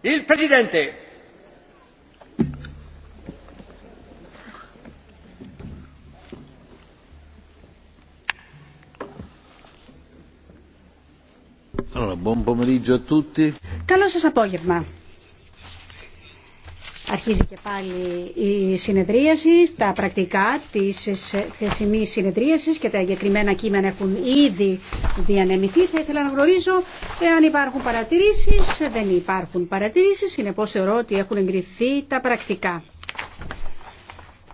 Il Presidente. Allora, buon pomeriggio a tutti. Καλό σας απόγευμα. Αρχίζει και πάλι η συνεδρίαση, τα πρακτικά της χθεσινής συνεδρίασης και τα εγκεκριμένα κείμενα έχουν ήδη διανεμηθεί. Θα ήθελα να γνωρίζω εάν υπάρχουν παρατηρήσεις. Δεν υπάρχουν παρατηρήσεις, συνεπώς θεωρώ ότι έχουν εγκριθεί τα πρακτικά.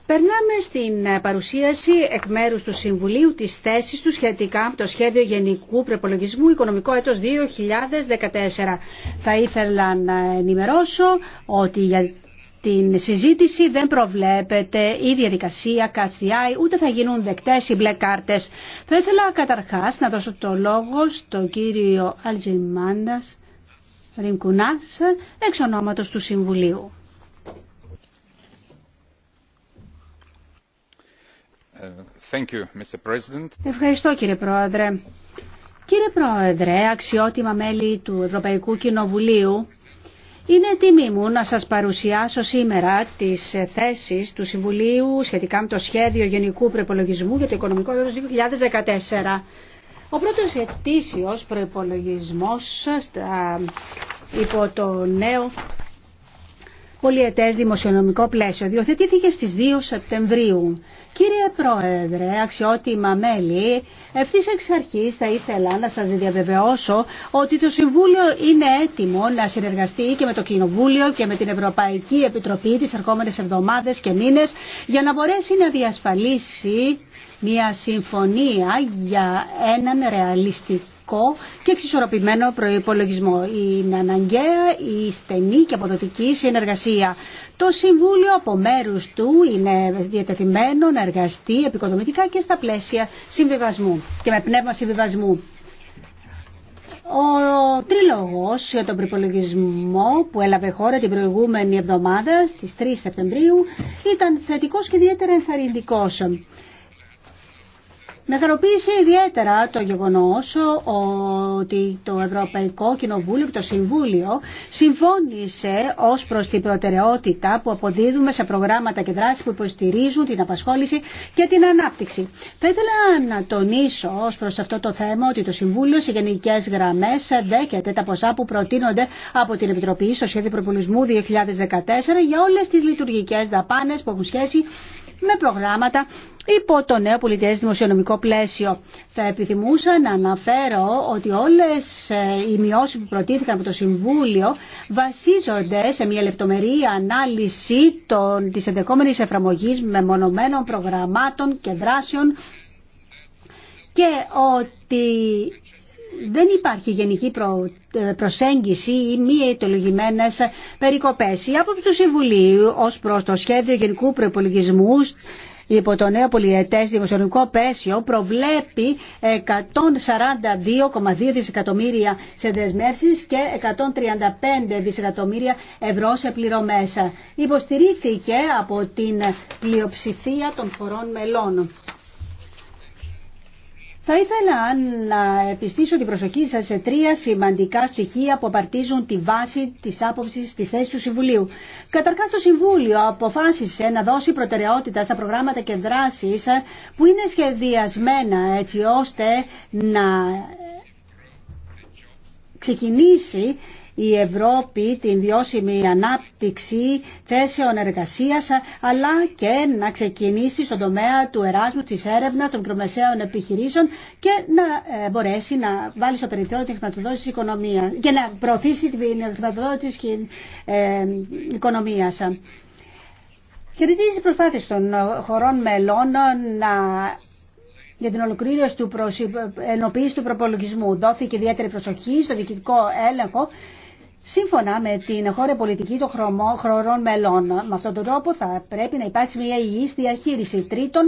Περνάμε στην παρουσίαση εκ μέρους του Συμβουλίου της θέσης του σχετικά με το σχέδιο Γενικού Προπολογισμού Οικονομικό έτος 2014. Θα ήθελα να ενημερώσω ότι για την συζήτηση δεν προβλέπεται η διαδικασία Eye, ούτε θα γίνουν δεκτές οι μπλε κάρτες. Θα ήθελα καταρχάς να δώσω το λόγο στον κύριο Αλτζιμάντας Ριμκουνάς, εξ ονόματος του Συμβουλίου. Ε, thank you, Mr. President. Ευχαριστώ κύριε Πρόεδρε. Κύριε Πρόεδρε, αξιότιμα μέλη του Ευρωπαϊκού Κοινοβουλίου, είναι τιμή μου να σας παρουσιάσω σήμερα τις θέσεις του Συμβουλίου σχετικά με το σχέδιο Γενικού Προπολογισμού για το Οικονομικό Έτος 2014. Ο πρώτος ετήσιος προϋπολογισμός υπό το νέο πολιετές δημοσιονομικό πλαίσιο διοθετήθηκε στις 2 Σεπτεμβρίου. Κύριε Πρόεδρε, αξιότιμα μέλη, ευθύ εξ αρχή θα ήθελα να σα διαβεβαιώσω ότι το Συμβούλιο είναι έτοιμο να συνεργαστεί και με το Κοινοβούλιο και με την Ευρωπαϊκή Επιτροπή τι ερχόμενε εβδομάδε και μήνε για να μπορέσει να διασφαλίσει μια συμφωνία για έναν ρεαλιστικό και εξισορροπημένο προϋπολογισμό. Είναι αναγκαία η στενή και αποδοτική συνεργασία. Το Συμβούλιο από μέρου του είναι διατεθειμένο να εργαστεί επικοδομητικά και στα πλαίσια συμβιβασμού και με πνεύμα συμβιβασμού. Ο τρίλογος για τον προπολογισμό που έλαβε χώρα την προηγούμενη εβδομάδα στις 3 Σεπτεμβρίου ήταν θετικός και ιδιαίτερα ενθαρρυντικός. Με χαροποίησε ιδιαίτερα το γεγονός ότι το Ευρωπαϊκό Κοινοβούλιο και το Συμβούλιο συμφώνησε ως προς την προτεραιότητα που αποδίδουμε σε προγράμματα και δράσεις που υποστηρίζουν την απασχόληση και την ανάπτυξη. Θα ήθελα να τονίσω ως προς αυτό το θέμα ότι το Συμβούλιο σε γενικές γραμμές δέχεται τα ποσά που προτείνονται από την Επιτροπή στο Σχέδιο Προπολισμού 2014 για όλες τις λειτουργικές δαπάνες που έχουν σχέση με προγράμματα υπό το νέο πολιτιές δημοσιονομικό πλαίσιο. Θα επιθυμούσα να αναφέρω ότι όλες ε, οι μειώσεις που προτίθηκαν από το Συμβούλιο βασίζονται σε μια λεπτομερή ανάλυση των, της ενδεκόμενης εφαρμογής μεμονωμένων προγραμμάτων και δράσεων και ότι δεν υπάρχει γενική ε, προσέγγιση ή μη αιτολογημένε περικοπέ. Η μη ειτολογημενε περικοπε η αποψη του Συμβουλίου ω προ το σχέδιο γενικού προπολογισμού υπό το νέο πολιετέ δημοσιονομικό πέσιο προβλέπει 142,2 δισεκατομμύρια σε δεσμεύσει και 135 δισεκατομμύρια ευρώ σε πληρωμέ. Υποστηρίχθηκε από την πλειοψηφία των χωρών μελών. Θα ήθελα να επιστήσω την προσοχή σα σε τρία σημαντικά στοιχεία που απαρτίζουν τη βάση της άποψης της θέσης του Συμβουλίου. Καταρχάς το Συμβούλιο αποφάσισε να δώσει προτεραιότητα στα προγράμματα και δράσει που είναι σχεδιασμένα έτσι ώστε να ξεκινήσει η Ευρώπη την βιώσιμη ανάπτυξη θέσεων εργασίας αλλά και να ξεκινήσει στον τομέα του εράσμου, της έρευνα των μικρομεσαίων επιχειρήσεων και να ε, μπορέσει να βάλει στο περιθώριο την χρηματοδότηση της οικονομίας και να προωθήσει την χρηματοδότηση της ε, οικονομίας. Κερδίζει προσπάθειες των χωρών μελών να για την ολοκλήρωση του ενοποίηση του προπολογισμού. Δόθηκε ιδιαίτερη προσοχή στο διοικητικό έλεγχο Σύμφωνα με την χώρα πολιτική των χρωρών μελών, με αυτόν τον τρόπο θα πρέπει να υπάρξει μια υγιής διαχείριση. Τρίτον,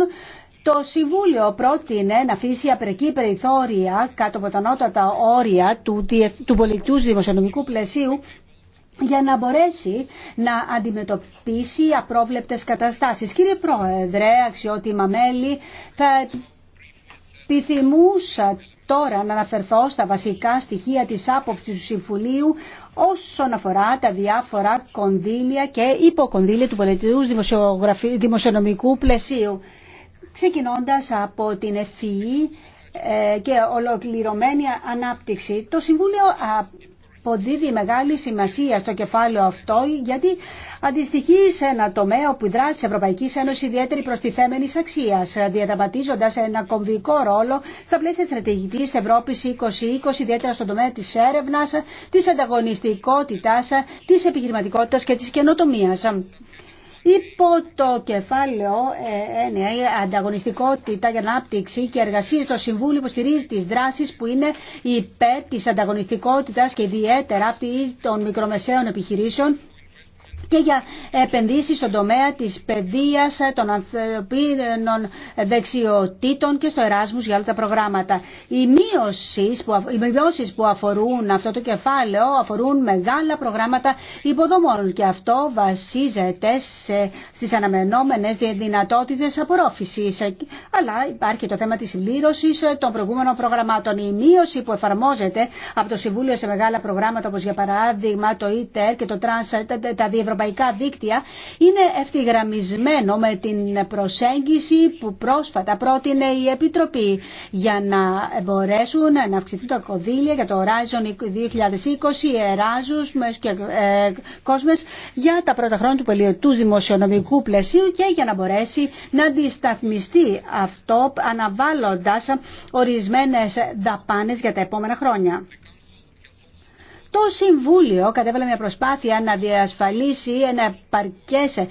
το Συμβούλιο πρότεινε να αφήσει απρεκή περιθώρια κάτω από τα νότατα όρια του, του πολιτικού δημοσιονομικού πλαισίου για να μπορέσει να αντιμετωπίσει απρόβλεπτες καταστάσεις. Κύριε Πρόεδρε, αξιότιμα μέλη, θα επιθυμούσα τώρα να αναφερθώ στα βασικά στοιχεία της άποψης του Συμφουλίου όσον αφορά τα διάφορα κονδύλια και υποκονδύλια του πολιτικού δημοσιονομικού πλαισίου. Ξεκινώντας από την ευφυή ε, και ολοκληρωμένη ανάπτυξη, το Συμβούλιο αποδίδει μεγάλη σημασία στο κεφάλαιο αυτό γιατί αντιστοιχεί σε ένα τομέα που δράσει τη Ευρωπαϊκής Ένωση ιδιαίτερη προστιθέμενης αξίας διαταματίζοντα ένα κομβικό ρόλο στα πλαίσια τη στρατηγικής Ευρώπης 2020 ιδιαίτερα στον τομέα της έρευνας, της ανταγωνιστικότητας, της επιχειρηματικότητα και τη καινοτομία υπό το κεφάλαιο ε, έννοια η ανταγωνιστικότητα για ανάπτυξη και εργασία στο Συμβούλιο υποστηρίζει τις δράσεις που είναι υπέρ της ανταγωνιστικότητας και ιδιαίτερα αυτής των μικρομεσαίων επιχειρήσεων και για επενδύσεις στον τομέα της παιδείας, των ανθρωπίνων δεξιοτήτων και στο Εράσμους για όλα τα προγράμματα. Οι μειώσεις που, οι μειώσεις που αφορούν αυτό το κεφάλαιο αφορούν μεγάλα προγράμματα υποδομών και αυτό βασίζεται σε, στις αναμενόμενες δυνατότητες απορρόφησης. Αλλά υπάρχει το θέμα της συμπλήρωσης των προηγούμενων προγραμμάτων. Η μείωση που εφαρμόζεται από το Συμβούλιο σε μεγάλα προγράμματα όπως για παράδειγμα το ΙΤΕΡ e e και το Trans, τα ευρωπαϊκά δίκτυα είναι ευθυγραμμισμένο με την προσέγγιση που πρόσφατα πρότεινε η Επιτροπή για να μπορέσουν να αυξηθούν τα κονδύλια για το Horizon 2020, Εράζους και ε, Κόσμες για τα πρώτα χρόνια του πολιετού δημοσιονομικού πλαισίου και για να μπορέσει να αντισταθμιστεί αυτό αναβάλλοντας ορισμένες δαπάνες για τα επόμενα χρόνια. Το Συμβούλιο κατέβαλε μια προσπάθεια να διασφαλίσει ένα παρκέ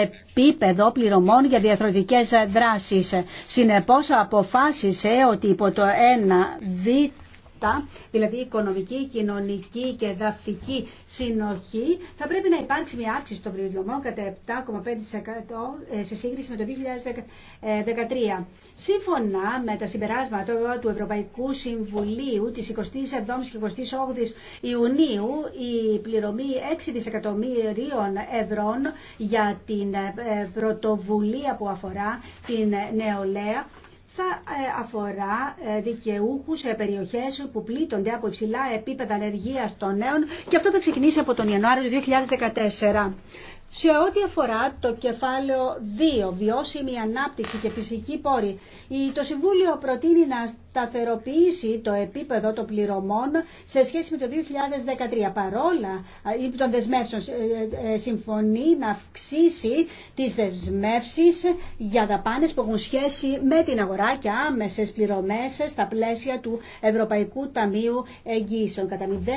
επίπεδο πληρωμών για διαθροτικές δράσεις. Συνεπώ αποφάσισε ότι υπό το 1 δι αυτά, δηλαδή οικονομική, κοινωνική και δαφική συνοχή, θα πρέπει να υπάρξει μια αύξηση των πληρωμών κατά 7,5% ε, σε σύγκριση με το 2013. Σύμφωνα με τα συμπεράσματα του Ευρωπαϊκού Συμβουλίου τη 27ης και 28ης Ιουνίου, η πληρωμή 6 δισεκατομμυρίων ευρώ για την ε, πρωτοβουλία που αφορά την νεολαία ε, αφορά ε, δικαιούχου σε περιοχέ που πλήττονται από υψηλά επίπεδα ανεργία των νέων και αυτό θα ξεκινήσει από τον Ιανουάριο του 2014. Σε ό,τι αφορά το κεφάλαιο 2, βιώσιμη ανάπτυξη και φυσική πόρη, το Συμβούλιο προτείνει να σταθεροποιήσει το επίπεδο των πληρωμών σε σχέση με το 2013. Παρόλα ε, ή των δεσμεύσεων ε, ε, συμφωνεί να αυξήσει τις δεσμεύσεις για δαπάνες που έχουν σχέση με την αγορά και άμεσες πληρωμές στα πλαίσια του Ευρωπαϊκού Ταμείου Εγγύσεων κατά 0,28%.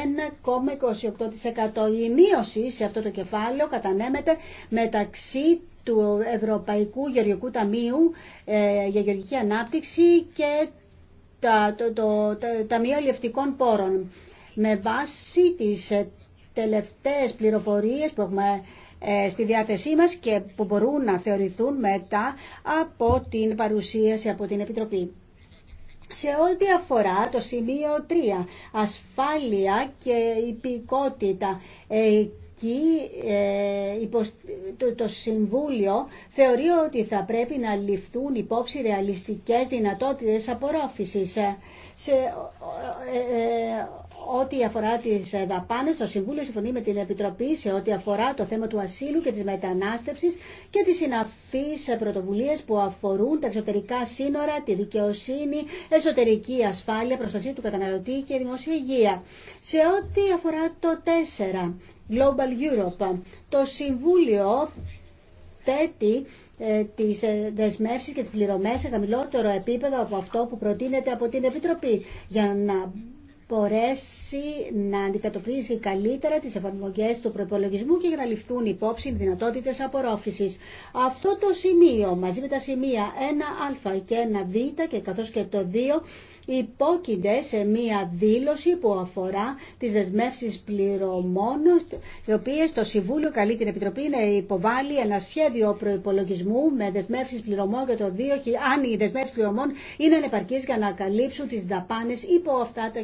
Η μείωση σε αυτό το κεφάλαιο κατανέμεται μεταξύ του Ευρωπαϊκού Γεωργικού Ταμείου για Γεωργική Ανάπτυξη και τα, το, το, τα, Ταμείο Πόρων. Με βάση τις ε, τελευταίες πληροφορίες που έχουμε ε, στη διάθεσή μας και που μπορούν να θεωρηθούν μετά από την παρουσίαση από την Επιτροπή. Σε ό,τι αφορά το σημείο 3, ασφάλεια και υπηκότητα, ε, εκεί ε, το Συμβούλιο θεωρεί ότι θα πρέπει να ληφθούν υπόψη ρεαλιστικές δυνατότητες απορρόφησης. Σε ε, ε, ό,τι αφορά τις δαπάνε, το Συμβούλιο συμφωνεί με την Επιτροπή σε ό,τι αφορά το θέμα του ασύλου και της μετανάστευση και τι συναφείς πρωτοβουλίε που αφορούν τα εξωτερικά σύνορα, τη δικαιοσύνη, εσωτερική ασφάλεια, προστασία του καταναλωτή και δημόσια υγεία. Σε ό,τι αφορά το 4, Global Europe, το Συμβούλιο θέτει ε, τις ε, δεσμεύσεις και τις πληρωμές σε χαμηλότερο επίπεδο από αυτό που προτείνεται από την Επιτροπή για να μπορέσει να αντικατοπτρίζει καλύτερα τις εφαρμογές του προπολογισμού και για να ληφθούν υπόψη δυνατότητες απορρόφησης. Αυτό το σημείο μαζί με τα σημεία 1α και 1β και καθώς και το 2 υπόκεινται σε μία δήλωση που αφορά τις δεσμεύσεις πληρωμών, οι οποίες το Συμβούλιο καλεί την Επιτροπή να υποβάλει ένα σχέδιο προϋπολογισμού με δεσμεύσεις πληρωμών για το 2, αν οι δεσμεύσεις πληρωμών είναι ανεπαρκείς για να καλύψουν τις δαπάνες υπό αυτά τα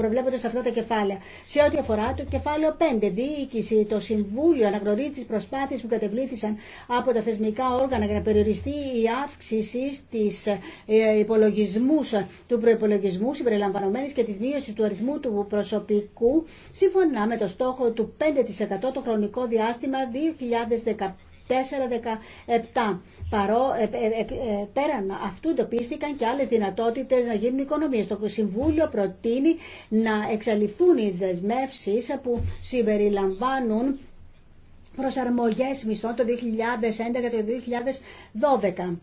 προβλέπονται σε αυτά τα κεφάλαια. Σε ό,τι αφορά το κεφάλαιο 5, διοίκηση, το Συμβούλιο αναγνωρίζει τι προσπάθειε που κατεβλήθησαν από τα θεσμικά όργανα για να περιοριστεί η αύξηση στι ε, υπολογισμού του προπολογισμού συμπεριλαμβανομένη και τη μείωση του αριθμού του προσωπικού, σύμφωνα με το στόχο του 5% το χρονικό διάστημα 2015 4-17. Παρό, ε, ε, ε, πέραν αυτού εντοπίστηκαν και άλλες δυνατότητες να γίνουν οικονομίες. Το Συμβούλιο προτείνει να εξαλειφθούν οι δεσμεύσεις που συμπεριλαμβάνουν προσαρμογές μισθών το 2011 και το 2012.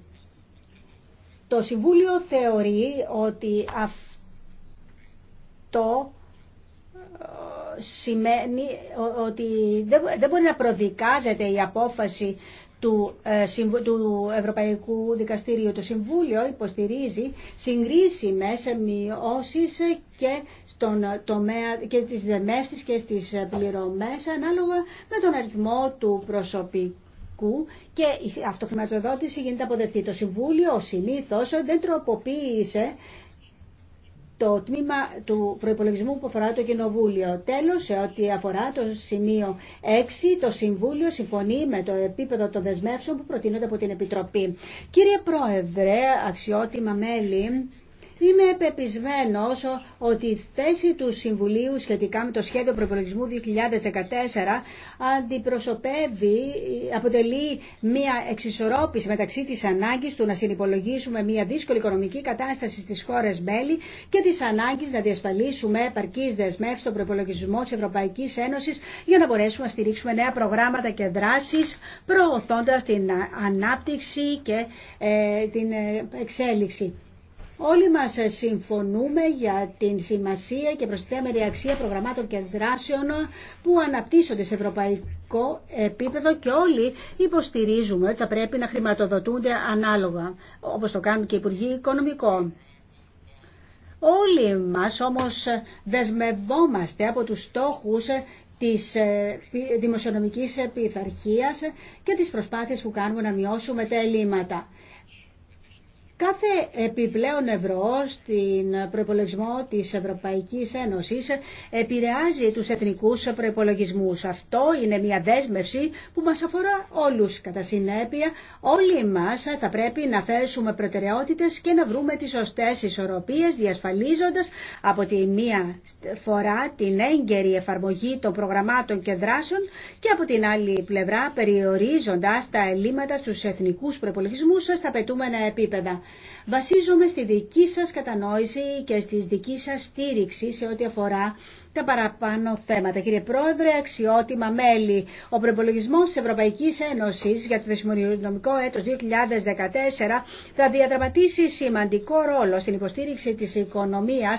Το Συμβούλιο θεωρεί ότι αυτό σημαίνει ότι δεν μπορεί να προδικάζεται η απόφαση του, ε, του Ευρωπαϊκού Δικαστηρίου. Το Συμβούλιο υποστηρίζει συγκρίσιμε μειώσεις και, στον τομέα, και στις δεμεύσεις και στις πληρωμές ανάλογα με τον αριθμό του προσωπικού και η αυτοχρηματοδότηση γίνεται αποδεκτή. Το Συμβούλιο συνήθως δεν τροποποίησε το τμήμα του προπολογισμού που αφορά το Κοινοβούλιο. Τέλο, σε ό,τι αφορά το σημείο 6, το Συμβούλιο συμφωνεί με το επίπεδο των δεσμεύσεων που προτείνονται από την Επιτροπή. Κύριε Πρόεδρε, αξιότιμα μέλη, Είμαι όσο ότι η θέση του Συμβουλίου σχετικά με το σχέδιο προπολογισμού 2014 αντιπροσωπεύει, αποτελεί μια εξισορρόπηση μεταξύ της ανάγκης του να συνυπολογίσουμε μια δύσκολη οικονομική κατάσταση στις χώρες μέλη και της ανάγκης να διασφαλίσουμε επαρκείς δεσμεύσεις στο προπολογισμό τη Ευρωπαϊκή Ένωση για να μπορέσουμε να στηρίξουμε νέα προγράμματα και δράσεις προωθώντα την ανάπτυξη και ε, την ε, εξέλιξη. Όλοι μας ε, συμφωνούμε για την σημασία και προστιθέμενη αξία προγραμμάτων και δράσεων ε, που αναπτύσσονται σε ευρωπαϊκό επίπεδο και όλοι υποστηρίζουμε ότι θα πρέπει να χρηματοδοτούνται ανάλογα, όπως το κάνουν και οι Υπουργοί Οικονομικών. Όλοι μας όμως δεσμευόμαστε από τους στόχους ε, της δημοσιονομικής επιθαρχίας και τις προσπάθειες που κάνουμε να μειώσουμε τα ελλείμματα. Κάθε επιπλέον ευρώ στην προπολογισμό της Ευρωπαϊκής Ένωσης επηρεάζει τους εθνικούς προπολογισμούς. Αυτό είναι μια δέσμευση που μας αφορά όλους. Κατά συνέπεια, όλοι μας θα πρέπει να θέσουμε προτεραιότητες και να βρούμε τις σωστές ισορροπίες, διασφαλίζοντας από τη μία φορά την έγκαιρη εφαρμογή των προγραμμάτων και δράσεων και από την άλλη πλευρά περιορίζοντας τα ελλείμματα στους εθνικούς προπολογισμούς στα πετούμενα επίπεδα. Βασίζομαι στη δική σας κατανόηση και στη δική σας στήριξη σε ό,τι αφορά τα παραπάνω θέματα. Κύριε Πρόεδρε, αξιότιμα μέλη, ο προπολογισμό τη Ευρωπαϊκή Ένωση για το δημοσιονομικό έτο 2014 θα διαδραματίσει σημαντικό ρόλο στην υποστήριξη τη οικονομία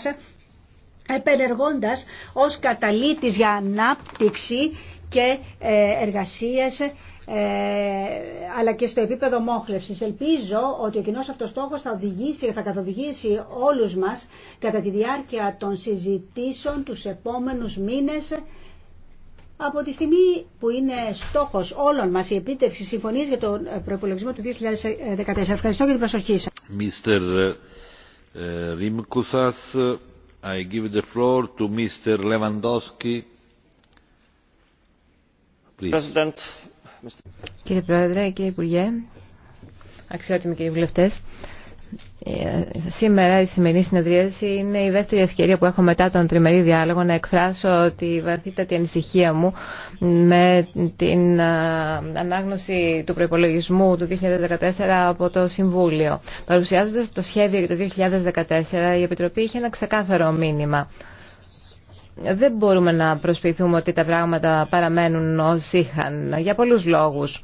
επενεργώντα ως καταλήτη για ανάπτυξη και ε, εργασίες ε, αλλά και στο επίπεδο μόχλευσης. Ελπίζω ότι ο κοινό αυτός στόχος θα, οδηγήσει, θα καθοδηγήσει όλους μας κατά τη διάρκεια των συζητήσεων τους επόμενους μήνες από τη στιγμή που είναι στόχος όλων μας η επίτευξη συμφωνίας για τον προπολογισμό του 2014. Ευχαριστώ για την προσοχή σας. Mr. Ε, Rimkusas, I give the floor to Mr. Lewandowski. President, Κύριε Πρόεδρε, κύριε Υπουργέ, αξιότιμοι κύριοι βουλευτέ, ε, Σήμερα η σημερινή συνεδρίαση είναι η δεύτερη ευκαιρία που έχω μετά τον τριμερή διάλογο να εκφράσω τη βαθύτατη ανησυχία μου με την ανάγνωση του προπολογισμού του 2014 από το Συμβούλιο. Παρουσιάζοντα το σχέδιο για το 2014 η Επιτροπή είχε ένα ξεκάθαρο μήνυμα δεν μπορούμε να προσποιηθούμε ότι τα πράγματα παραμένουν ως είχαν για πολλούς λόγους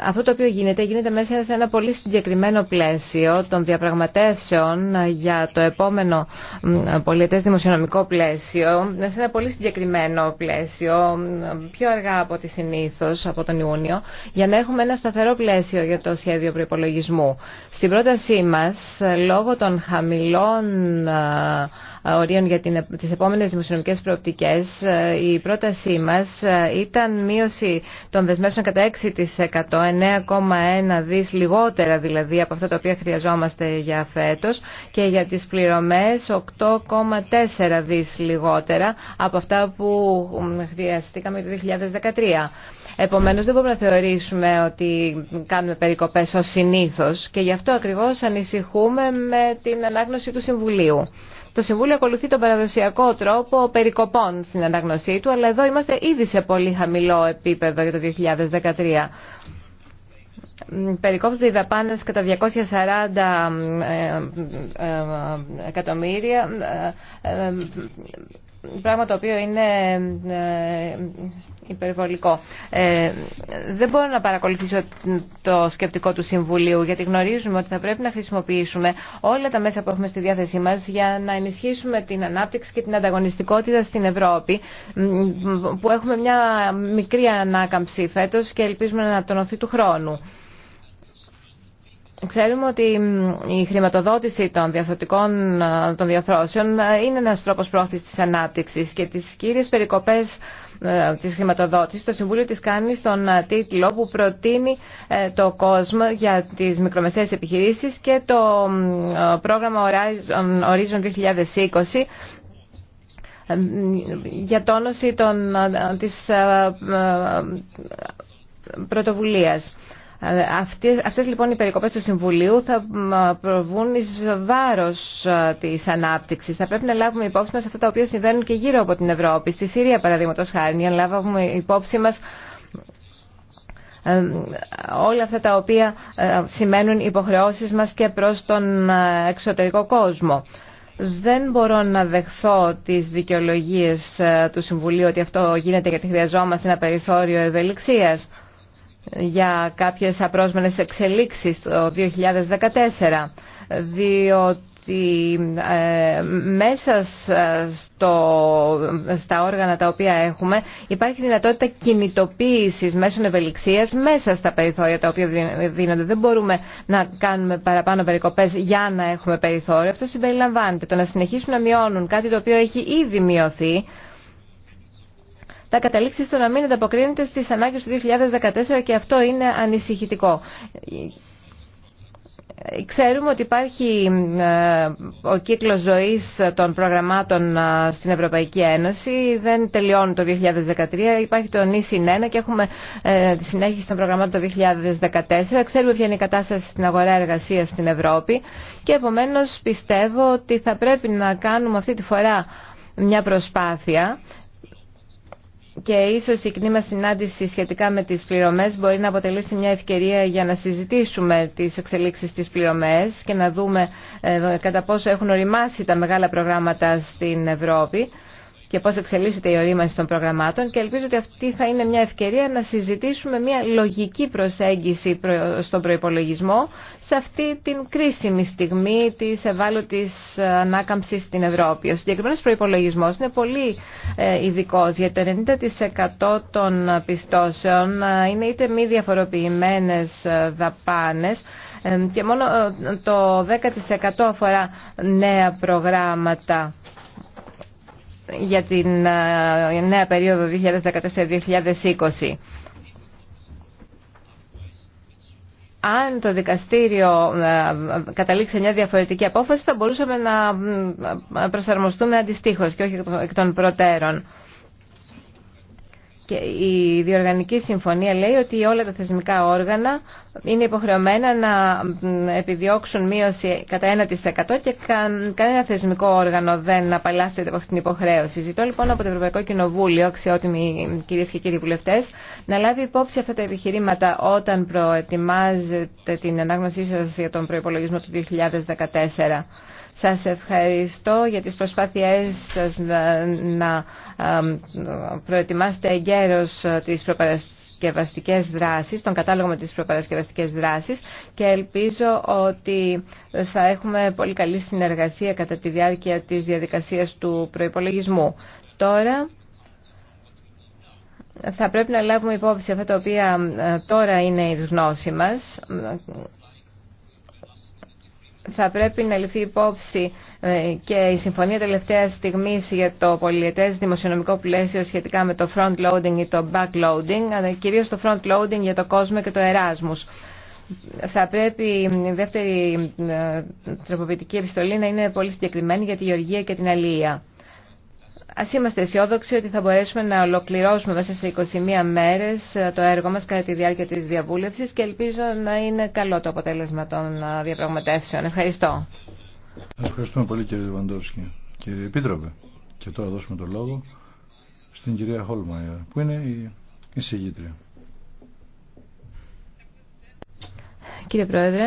αυτό το οποίο γίνεται, γίνεται μέσα σε ένα πολύ συγκεκριμένο πλαίσιο των διαπραγματεύσεων για το επόμενο πολιτές δημοσιονομικό πλαίσιο, σε ένα πολύ συγκεκριμένο πλαίσιο, πιο αργά από τη συνήθως, από τον Ιούνιο, για να έχουμε ένα σταθερό πλαίσιο για το σχέδιο προϋπολογισμού. Στην πρότασή μας, λόγω των χαμηλών ορίων για τις επόμενες δημοσιονομικές προοπτικές, ε, η πρότασή μας ε, ήταν μείωση των δεσμεύσεων κατά 6%, 9,1 δις λιγότερα δηλαδή από αυτά τα οποία χρειαζόμαστε για φέτος και για τις πληρωμές 8,4 δις λιγότερα από αυτά που χρειαστήκαμε το 2013. Επομένως δεν μπορούμε να θεωρήσουμε ότι κάνουμε περικοπές ως συνήθως και γι' αυτό ακριβώς ανησυχούμε με την ανάγνωση του Συμβουλίου. Το Συμβούλιο ακολουθεί τον παραδοσιακό τρόπο περικοπών στην αναγνωσή του, αλλά εδώ είμαστε ήδη σε πολύ χαμηλό επίπεδο για το 2013. Περικόπτουν οι δαπάνε κατά 240 ε, ε, ε, εκατομμύρια πράγμα το οποίο είναι ε, υπερβολικό. Ε, δεν μπορώ να παρακολουθήσω το σκεπτικό του Συμβουλίου, γιατί γνωρίζουμε ότι θα πρέπει να χρησιμοποιήσουμε όλα τα μέσα που έχουμε στη διάθεσή μας για να ενισχύσουμε την ανάπτυξη και την ανταγωνιστικότητα στην Ευρώπη, που έχουμε μια μικρή ανάκαμψη φέτος και ελπίζουμε να τονωθεί του χρόνου. Ξέρουμε ότι η χρηματοδότηση των διαθωτικών των διαθρώσεων είναι ένας τρόπος πρόθεσης της ανάπτυξης και τις κύριες περικοπές της χρηματοδότησης το Συμβούλιο της κάνει στον τίτλο που προτείνει ε, το κόσμο για τις μικρομεσαίες επιχειρήσεις και το πρόγραμμα Horizon 2020 ε, για τόνωση των, της πρωτοβουλίας. Ε, αυτές, αυτές λοιπόν οι περικοπές του Συμβουλίου θα προβούν εις βάρος ε, της ανάπτυξης. Θα πρέπει να λάβουμε υπόψη μας αυτά τα οποία συμβαίνουν και γύρω από την Ευρώπη. Στη Συρία παραδείγματος χάρη, για να λάβουμε υπόψη μας ε, όλα αυτά τα οποία σημαίνουν υποχρεώσεις μας και προς τον εξωτερικό κόσμο. Δεν μπορώ να δεχθώ τις δικαιολογίες του Συμβουλίου ότι αυτό γίνεται γιατί χρειαζόμαστε ένα περιθώριο ευελιξίας για κάποιες απρόσμενες εξελίξεις το 2014 διότι ε, μέσα στο, στα όργανα τα οποία έχουμε υπάρχει δυνατότητα κινητοποίησης μέσων ευελιξίας μέσα στα περιθώρια τα οποία δίνονται. Δεν μπορούμε να κάνουμε παραπάνω περικοπές για να έχουμε περιθώριο. Αυτό συμπεριλαμβάνεται το να συνεχίσουν να μειώνουν κάτι το οποίο έχει ήδη μειωθεί θα καταλήξει στο να μην ανταποκρίνεται στις ανάγκες του 2014 και αυτό είναι ανησυχητικό. Ξέρουμε ότι υπάρχει ε, ο κύκλος ζωής των προγραμμάτων ε, στην Ευρωπαϊκή Ένωση. Δεν τελειώνει το 2013. Υπάρχει το νησιν και έχουμε ε, τη συνέχιση των προγραμμάτων το 2014. Ξέρουμε ποια είναι η κατάσταση στην αγορά εργασίας στην Ευρώπη. Και επομένως πιστεύω ότι θα πρέπει να κάνουμε αυτή τη φορά μια προσπάθεια και ίσως η κνήμα συνάντηση σχετικά με τις πληρωμές μπορεί να αποτελέσει μια ευκαιρία για να συζητήσουμε τις εξελίξεις στις πληρωμές και να δούμε ε, κατά πόσο έχουν οριμάσει τα μεγάλα προγράμματα στην Ευρώπη και πώς εξελίσσεται η ορίμανση των προγραμμάτων και ελπίζω ότι αυτή θα είναι μια ευκαιρία να συζητήσουμε μια λογική προσέγγιση στον προϋπολογισμό σε αυτή την κρίσιμη στιγμή της ευάλωτης ανάκαμψης στην Ευρώπη. Ο συγκεκριμένος προϋπολογισμός είναι πολύ ε, ειδικό γιατί το 90% των πιστώσεων ε, είναι είτε μη διαφοροποιημένες ε, δαπάνες και μόνο το 10% αφορά νέα προγράμματα για την ε, νέα περίοδο 2014-2020. Αν το δικαστήριο ε, καταλήξει μια διαφορετική απόφαση θα μπορούσαμε να προσαρμοστούμε αντιστοίχως και όχι εκ των προτέρων. Και η Διοργανική Συμφωνία λέει ότι όλα τα θεσμικά όργανα είναι υποχρεωμένα να επιδιώξουν μείωση κατά 1% και κανένα θεσμικό όργανο δεν απαλλάσσεται από αυτή την υποχρέωση. Ζητώ λοιπόν από το Ευρωπαϊκό Κοινοβούλιο, αξιότιμοι κυρίε και κύριοι βουλευτέ, να λάβει υπόψη αυτά τα επιχειρήματα όταν προετοιμάζετε την ανάγνωσή σα για τον προπολογισμό του 2014. Σας ευχαριστώ για τις προσπάθειές σας να προετοιμάσετε εγκαίρως ε, τις προπαρασκευαστικές δράσεις, τον κατάλογο με τις προπαρασκευαστικές δράσεις και ελπίζω ότι θα έχουμε πολύ καλή συνεργασία κατά τη διάρκεια της διαδικασίας του προϋπολογισμού. Τώρα θα πρέπει να λάβουμε υπόψη αυτά τα οποία ε, τώρα είναι η γνώση μας θα πρέπει να ληφθεί υπόψη ε, και η συμφωνία τελευταία στιγμή για το πολιετέ δημοσιονομικό πλαίσιο σχετικά με το front loading ή το back loading, αλλά κυρίω το front loading για το κόσμο και το Εράσμους. Θα πρέπει η δεύτερη ε, τροποποιητική επιστολή να είναι πολύ συγκεκριμένη για τη Γεωργία και την Αλία. Ας είμαστε αισιόδοξοι ότι θα μπορέσουμε να ολοκληρώσουμε μέσα σε 21 μέρες ε, το έργο μας κατά τη διάρκεια της διαβούλευσης και ελπίζω να είναι καλό το αποτέλεσμα των ε, διαπραγματεύσεων. Ευχαριστώ. ευχαριστούμε πολύ κύριε Βαντόφσκι. Κύριε Επίτροπε, και τώρα δώσουμε το λόγο στην κυρία Χόλμα, που είναι η εισηγήτρια. Κύριε Πρόεδρε,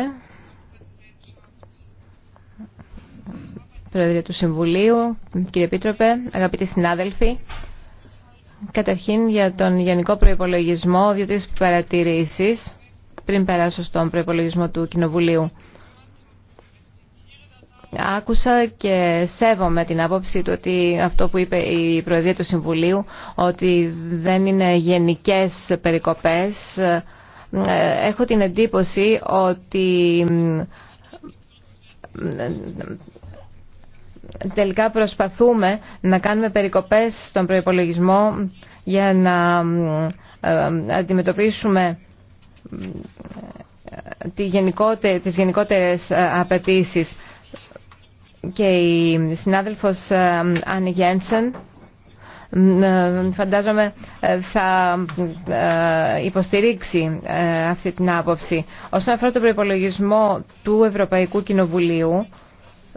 Πρόεδρε του Συμβουλίου, κύριε Πίτροπε, αγαπητοί συνάδελφοι. Καταρχήν για τον γενικό προϋπολογισμό, δύο-τρεις παρατηρήσεις πριν περάσω στον προϋπολογισμό του Κοινοβουλίου. Άκουσα και σέβομαι την άποψη του ότι αυτό που είπε η Προεδρία του Συμβουλίου ότι δεν είναι γενικές περικοπές. Έχω την εντύπωση ότι τελικά προσπαθούμε να κάνουμε περικοπές στον προϋπολογισμό για να ε, αντιμετωπίσουμε ε, τις γενικότερες ε, απαιτήσεις. Και η συνάδελφος Άννη Γένσεν φαντάζομαι θα υποστηρίξει αυτή την άποψη. Όσον αφορά τον προϋπολογισμό του Ευρωπαϊκού Κοινοβουλίου,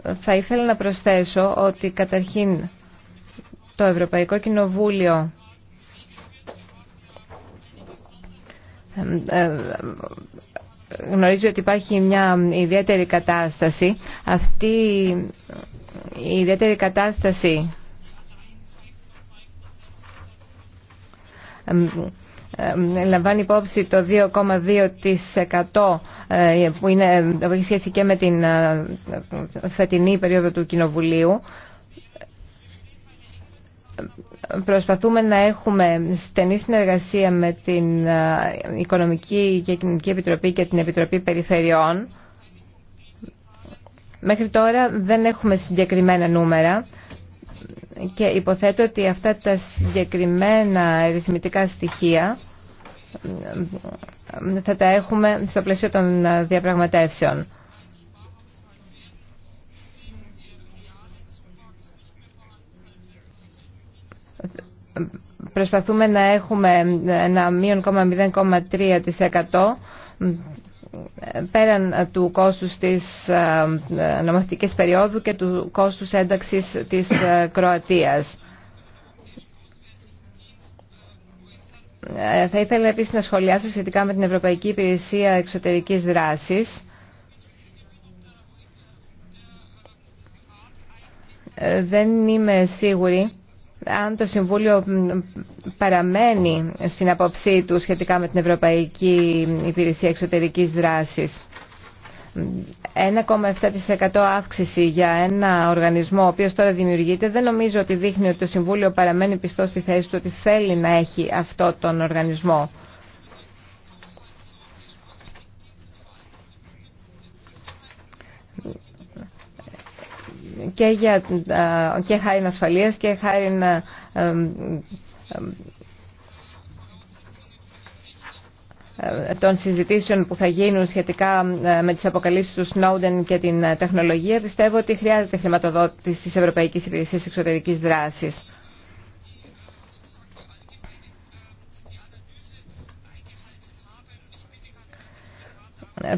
θα ήθελα να προσθέσω ότι καταρχήν το Ευρωπαϊκό Κοινοβούλιο ε, ε, γνωρίζει ότι υπάρχει μια ιδιαίτερη κατάσταση. Αυτή η ιδιαίτερη κατάσταση ε, ε, λαμβάνει υπόψη το 2,2% ε, που είναι, ε, έχει σχέση και με την φετινή περίοδο του Κοινοβουλίου προσπαθούμε να έχουμε στενή συνεργασία με την Οικονομική και Κοινωνική Επιτροπή και την Επιτροπή Περιφερειών. Μέχρι τώρα δεν έχουμε συγκεκριμένα νούμερα και υποθέτω ότι αυτά τα συγκεκριμένα αριθμητικά στοιχεία θα τα έχουμε στο πλαίσιο των διαπραγματεύσεων. Προσπαθούμε να έχουμε ένα μείον 0,3% πέραν του κόστους της ε, νομοθετικής περίοδου και του κόστους ένταξης της ε, Κροατίας. Ε, θα ήθελα επίσης να σχολιάσω σχετικά με την Ευρωπαϊκή Υπηρεσία Εξωτερικής Δράσης. Δεν είμαι σίγουρη αν το Συμβούλιο παραμένει στην απόψή του σχετικά με την Ευρωπαϊκή Υπηρεσία Εξωτερικής Δράσης. 1,7% αύξηση για ένα οργανισμό ο οποίος τώρα δημιουργείται δεν νομίζω ότι δείχνει ότι το Συμβούλιο παραμένει πιστό στη θέση του ότι θέλει να έχει αυτό τον οργανισμό. και, για, και χάρη ασφαλείας και χάρη των συζητήσεων που θα γίνουν σχετικά με τις αποκαλύψεις του Σνόντεν και την τεχνολογία, πιστεύω ότι χρειάζεται χρηματοδότηση της Ευρωπαϊκής Υπηρεσίας Εξωτερικής Δράσης.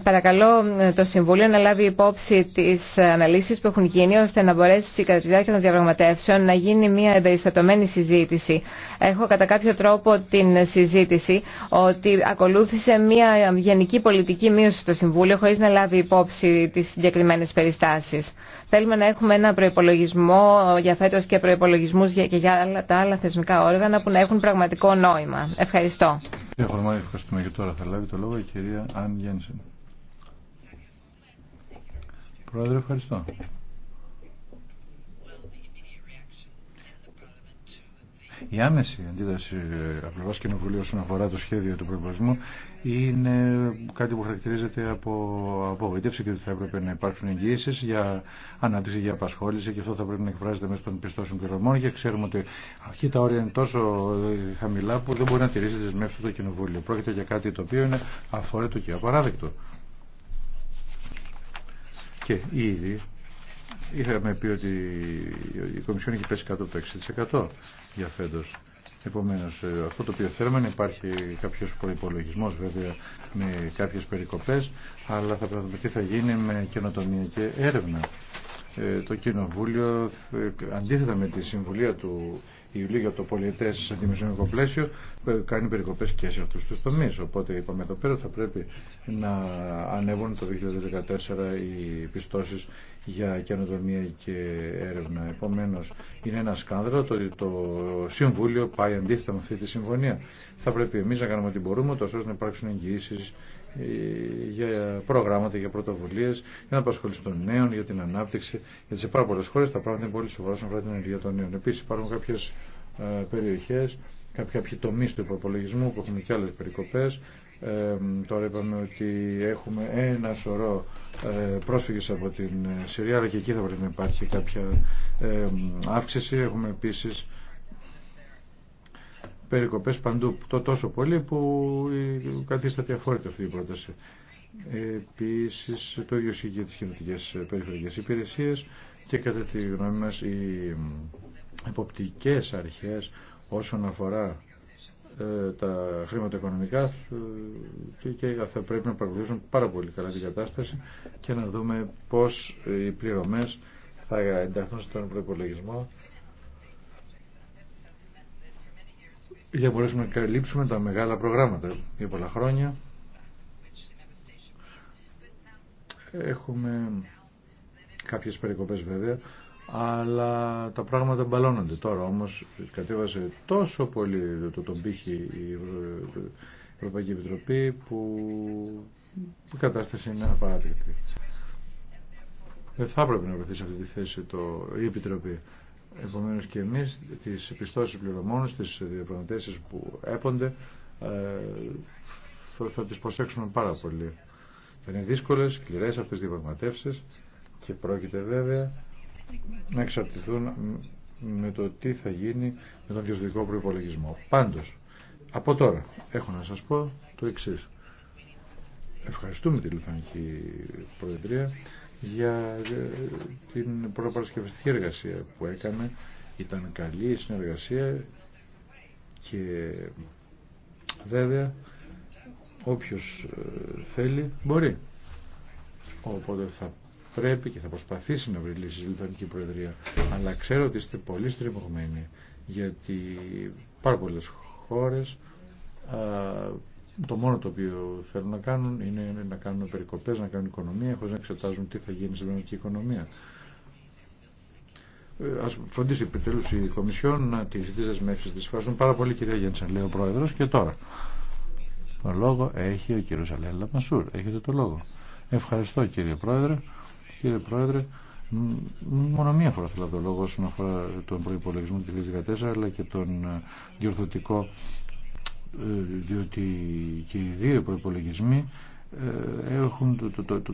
Παρακαλώ ε, το Συμβούλιο να λάβει υπόψη τι αναλύσει που έχουν γίνει ώστε να μπορέσει κατά τη διάρκεια των διαπραγματεύσεων να γίνει μια εμπεριστατωμένη συζήτηση. Έχω κατά κάποιο τρόπο την συζήτηση ότι ακολούθησε μια γενική πολιτική μείωση στο Συμβούλιο χωρί να λάβει υπόψη τι συγκεκριμένε περιστάσει. Θέλουμε να έχουμε ένα προπολογισμό για φέτο και προπολογισμού και για τα άλλα θεσμικά όργανα που να έχουν πραγματικό νόημα. Ευχαριστώ. Πρόεδρε, ευχαριστώ. Η άμεση αντίδραση από πλευρά Κοινοβουλίου όσον αφορά το σχέδιο του προπολογισμού είναι κάτι που χαρακτηρίζεται από απογοήτευση και ότι θα έπρεπε να υπάρξουν εγγυήσει για ανάπτυξη, για απασχόληση και αυτό θα πρέπει να εκφράζεται μέσα των πιστώσεων πληρωμών. Και ξέρουμε ότι αρχή τα όρια είναι τόσο χαμηλά που δεν μπορεί να τηρήσει τι δεσμεύσει το Κοινοβούλιο. Πρόκειται για κάτι το οποίο είναι αφόρετο και απαράδεκτο. Και ήδη είχαμε πει ότι η Κομισιόν έχει πέσει κάτω από το 6% για φέτος. Επομένως, ε, αυτό το οποίο θέλουμε να υπάρχει κάποιος προπολογισμό βέβαια με κάποιες περικοπές, αλλά θα πρέπει να δούμε τι θα γίνει με καινοτομία και έρευνα το Κοινοβούλιο ε, αντίθετα με τη συμβουλία του Ιουλίου για το σε δημοσιονομικό πλαίσιο ε, κάνει περικοπές και σε αυτούς τους τομείς. Οπότε είπαμε εδώ πέρα θα πρέπει να ανέβουν το 2014 οι πιστώσεις για καινοτομία και έρευνα. Επομένως είναι ένα σκάνδαλο το ότι το Συμβούλιο πάει αντίθετα με αυτή τη συμφωνία. Θα πρέπει εμείς να κάνουμε ό,τι μπορούμε τόσο ώστε να υπάρξουν εγγυήσεις για προγράμματα, για πρωτοβουλίε, για να απασχολήσουν των νέων, για την ανάπτυξη. Γιατί σε πάρα πολλέ χώρε τα πράγματα είναι πολύ σοβαρά όσον αφορά την ενεργεία των νέων. Επίση υπάρχουν κάποιε περιοχέ, κάποιοι τομεί του υπολογισμού που έχουν και άλλε περικοπέ. Ε, τώρα είπαμε ότι έχουμε ένα σωρό ε, πρόσφυγες από την ε, Συρία αλλά και εκεί θα πρέπει να υπάρχει κάποια ε, αύξηση. Έχουμε επίσης περικοπές παντού το τόσο πολύ που καθίσταται αφόρητη αυτή η πρόταση. Επίσης το ίδιο ισχύει για τις κοινωτικές περιφερειακές υπηρεσίες και κατά τη γνώμη μας οι εποπτικές αρχές όσον αφορά ε, τα χρήματα οικονομικά ε, και θα πρέπει να παρακολουθήσουν πάρα πολύ καλά την κατάσταση και να δούμε πώς οι πληρωμές θα ενταχθούν στον προπολογισμό για να μπορέσουμε να καλύψουμε τα μεγάλα προγράμματα για πολλά χρόνια. Έχουμε κάποιες περικοπές βέβαια, αλλά τα πράγματα μπαλώνονται τώρα όμως κατέβασε τόσο πολύ το τον πύχη η Ευρωπαϊκή Επιτροπή που η κατάσταση είναι απαράδεκτη. Δεν θα πρέπει να βρεθεί σε αυτή τη θέση το, η Επιτροπή. Επομένω, και εμείς τις επιστώσει πληρωμών, τις διαπραγματεύσει που έπονται ε, θα, τι τις προσέξουμε πάρα πολύ. είναι δύσκολε σκληρέ αυτέ οι διαπραγματεύσει και πρόκειται βέβαια να εξαρτηθούν με το τι θα γίνει με τον διορθωτικό προπολογισμό. Πάντω. από τώρα έχω να σας πω το εξή. Ευχαριστούμε τη Λιθανική Προεδρία για ε, την προπαρασκευαστική εργασία που έκανε. Ήταν καλή η συνεργασία και βέβαια όποιος ε, θέλει μπορεί. Οπότε θα πρέπει και θα προσπαθήσει να βρει λύσεις η Λιθανική Προεδρία. Αλλά ξέρω ότι είστε πολύ στριμωγμένοι γιατί πάρα πολλές χώρες ε, το μόνο το οποίο θέλουν να κάνουν είναι να κάνουν περικοπές, να κάνουν οικονομία, χωρίς να εξετάζουν τι θα γίνει στην πραγματική οικονομία. Ε, Α φροντίσει επιτέλου η Κομισιόν να τη τι δεσμεύσει τη φάσουν πάρα πολύ, κυρία Γέντσεν, λέει ο Πρόεδρο. Και τώρα. Το λόγο έχει ο κύριο Αλέλα Μασούρ. Έχετε το λόγο. Ευχαριστώ, κύριε Πρόεδρε. Κύριε Πρόεδρε, μόνο μία φορά θέλω το λόγο όσον αφορά τον προπολογισμό του 2014 αλλά και τον ε, διορθωτικό ε, διότι και οι δύο προπολογισμοί ε, έχουν το, το, το,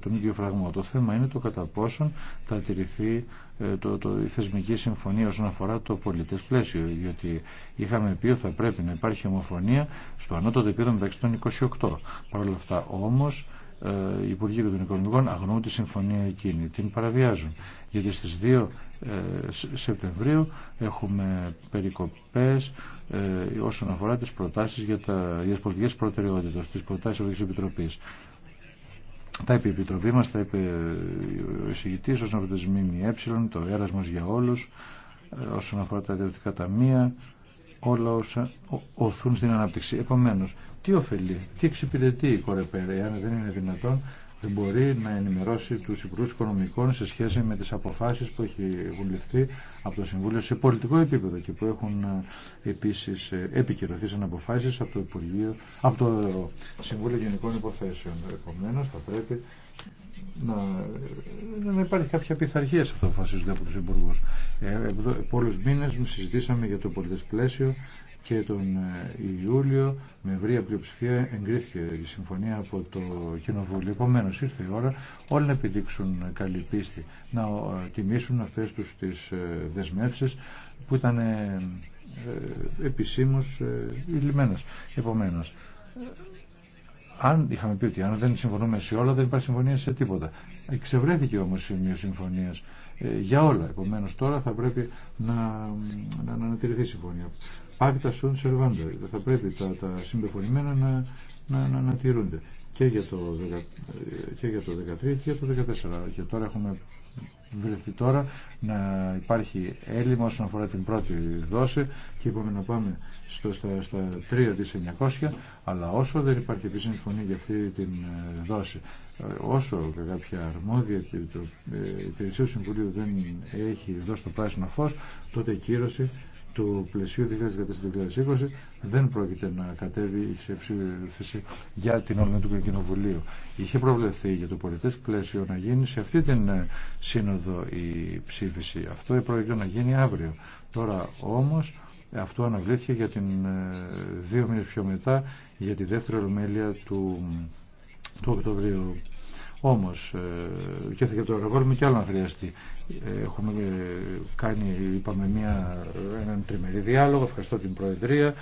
τον ίδιο φραγμό. Το θέμα είναι το κατά πόσον θα τηρηθεί ε, το, το, η θεσμική συμφωνία όσον αφορά το πολιτές πλαίσιο. Διότι είχαμε πει ότι θα πρέπει να υπάρχει ομοφωνία στο ανώτατο επίπεδο μεταξύ των 28. Παρ' όλα αυτά όμως ε, οι Υπουργοί των Οικονομικών αγνοούν τη συμφωνία εκείνη, την παραβιάζουν. Γιατί στις 2 ε, Σεπτεμβρίου έχουμε περικοπές ε, όσον αφορά τις προτάσεις για, τα, για τις πολιτικές προτεραιότητες, τις προτάσεις της Τα είπε η Επιτροπή μας, τα είπε ο εισηγητής όσον αφορά τις ΜΜΕ, το έρασμος για όλους, όσον αφορά τα ιδιωτικά ταμεία, όλα όσα οθούν στην ανάπτυξη. Επομένως, τι ωφελεί, τι εξυπηρετεί η Κορεπέρα, εάν δεν είναι δυνατόν δεν μπορεί να ενημερώσει τους υπουργούς οικονομικών σε σχέση με τις αποφάσεις που έχει βουλευτεί από το Συμβούλιο σε πολιτικό επίπεδο και που έχουν ε, επίσης ε, επικυρωθεί σαν αποφάσεις από το, από το Συμβούλιο Γενικών Υποθέσεων. Επομένως θα πρέπει να, να υπάρχει κάποια πειθαρχία σε αυτό που αποφασίζονται από του υπουργού. Ε, εδώ, Πολλού μήνες συζητήσαμε για το πολιτές πλαίσιο και τον ε, Ιούλιο με ευρία πλειοψηφία εγκρίθηκε η συμφωνία από το Κοινοβούλιο. Επομένω ήρθε η ώρα όλοι να επιδείξουν καλή πίστη, να ε, τιμήσουν αυτές τους τις δεσμεύσεις που ήταν επισήμως ε, αν είχαμε πει ότι αν δεν συμφωνούμε σε όλα δεν υπάρχει συμφωνία σε τίποτα. Εξευρέθηκε όμως σημείο συμφωνία ε, για όλα. Επομένως τώρα θα πρέπει να, να ανατηρηθεί η συμφωνία. Πάκτα σουν σερβάντα. Θα πρέπει τα, τα συμπεφωνημένα να, να, να, Και για, το, ε, και για το και για το 2014. τώρα έχουμε βρεθεί τώρα να υπάρχει έλλειμμα όσον αφορά την πρώτη δόση και είπαμε να πάμε στο, στα, στα 3 της 900 αλλά όσο δεν υπάρχει επίσης συμφωνία για αυτή την ε, δόση ε, όσο κάποια αρμόδια και το ε, υπηρεσία Συμβουλίου δεν έχει δώσει το πράσινο φως τότε η κύρωση του πλαισίου 2014-2020 δεν πρόκειται να κατέβει σε ψήφιση για την όλη του Κοινοβουλίου. Είχε προβλεφθεί για το πολιτέ πλαίσιο να γίνει σε αυτή την ε, σύνοδο η ψήφιση. Αυτό πρόκειται να γίνει αύριο. Τώρα όμως αυτό αναβλήθηκε για την ε, δύο μήνες πιο μετά για τη δεύτερη ολομέλεια του, του Οκτωβρίου. Όμως, ε, και θα και το αεροκόρμη και άλλο να χρειαστεί. Ε, έχουμε ε, κάνει, είπαμε, μια, έναν τριμερή διάλογο, ευχαριστώ την Προεδρία,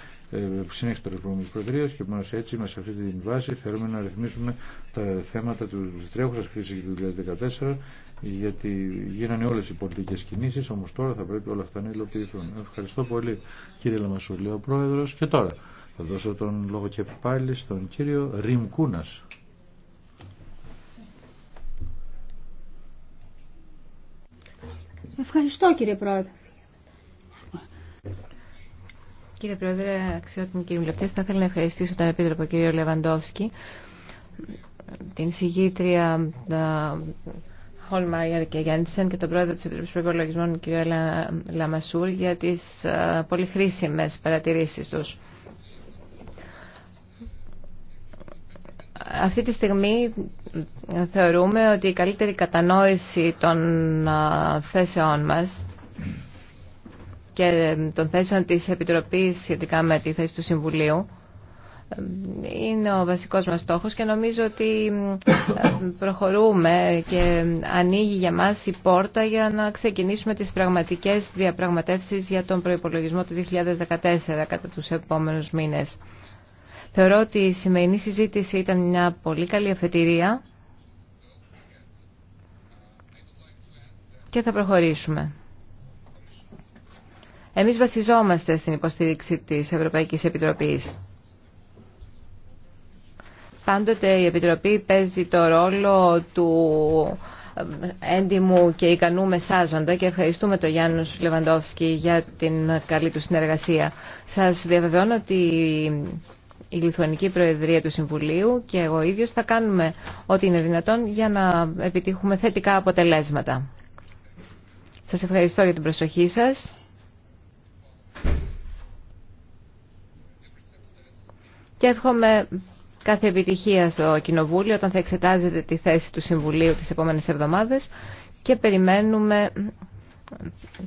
συνέχιση το ρεκόρμη της Προεδρίας και μόνος έτσι μας σε αυτή την βάση θέλουμε να ρυθμίσουμε τα θέματα του τρέχουσας κρίσης του 2014 γιατί γίνανε όλες οι πολιτικές κινήσεις, όμως τώρα θα πρέπει όλα αυτά να υλοποιηθούν. Ευχαριστώ πολύ κύριε Λαμασούλη, ο Πρόεδρος. Και τώρα θα δώσω τον λόγο και πάλι στον κύριο Ριμκούνας. Ευχαριστώ κύριε Πρόεδρε. Κύριε Πρόεδρε, αξιότιμοι κύριοι βουλευτέ, θα ήθελα να ευχαριστήσω τον Επίτροπο κύριο Λεβαντόφσκι, την συγγήτρια Χολμάιερ και Γιάννησεν και τον πρόεδρο τη Επιτροπή Προπολογισμών, κύριο Λαμασούρ, για τι ε, πολύ χρήσιμε παρατηρήσει του. Αυτή τη στιγμή θεωρούμε ότι η καλύτερη κατανόηση των θέσεών μας και των θέσεων της Επιτροπής σχετικά με τη θέση του Συμβουλίου είναι ο βασικός μας στόχος και νομίζω ότι προχωρούμε και ανοίγει για μας η πόρτα για να ξεκινήσουμε τις πραγματικές διαπραγματεύσεις για τον προϋπολογισμό του 2014 κατά τους επόμενους μήνες. Θεωρώ ότι η σημερινή συζήτηση ήταν μια πολύ καλή αφετηρία και θα προχωρήσουμε. Εμείς βασιζόμαστε στην υποστήριξη της Ευρωπαϊκής Επιτροπής. Πάντοτε η Επιτροπή παίζει το ρόλο του έντιμου και ικανού μεσάζοντα και ευχαριστούμε τον Γιάννου Λεβαντόφσκι για την καλή του συνεργασία. Σας διαβεβαιώνω ότι η Λιθουανική Προεδρία του Συμβουλίου και εγώ ίδιος θα κάνουμε ό,τι είναι δυνατόν για να επιτύχουμε θετικά αποτελέσματα. Σας ευχαριστώ για την προσοχή σας. Και εύχομαι κάθε επιτυχία στο Κοινοβούλιο όταν θα εξετάζετε τη θέση του Συμβουλίου τις επόμενες εβδομάδες και περιμένουμε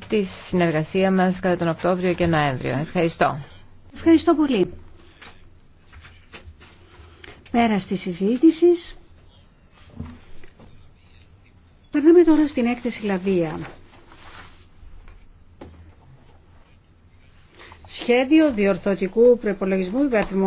τη συνεργασία μας κατά τον Οκτώβριο και Νοέμβριο. Ευχαριστώ. Ευχαριστώ πολύ. Πέρα τη συζήτηση. Περνάμε τώρα στην έκθεση Λαβία. Σχέδιο διορθωτικού προπολογισμού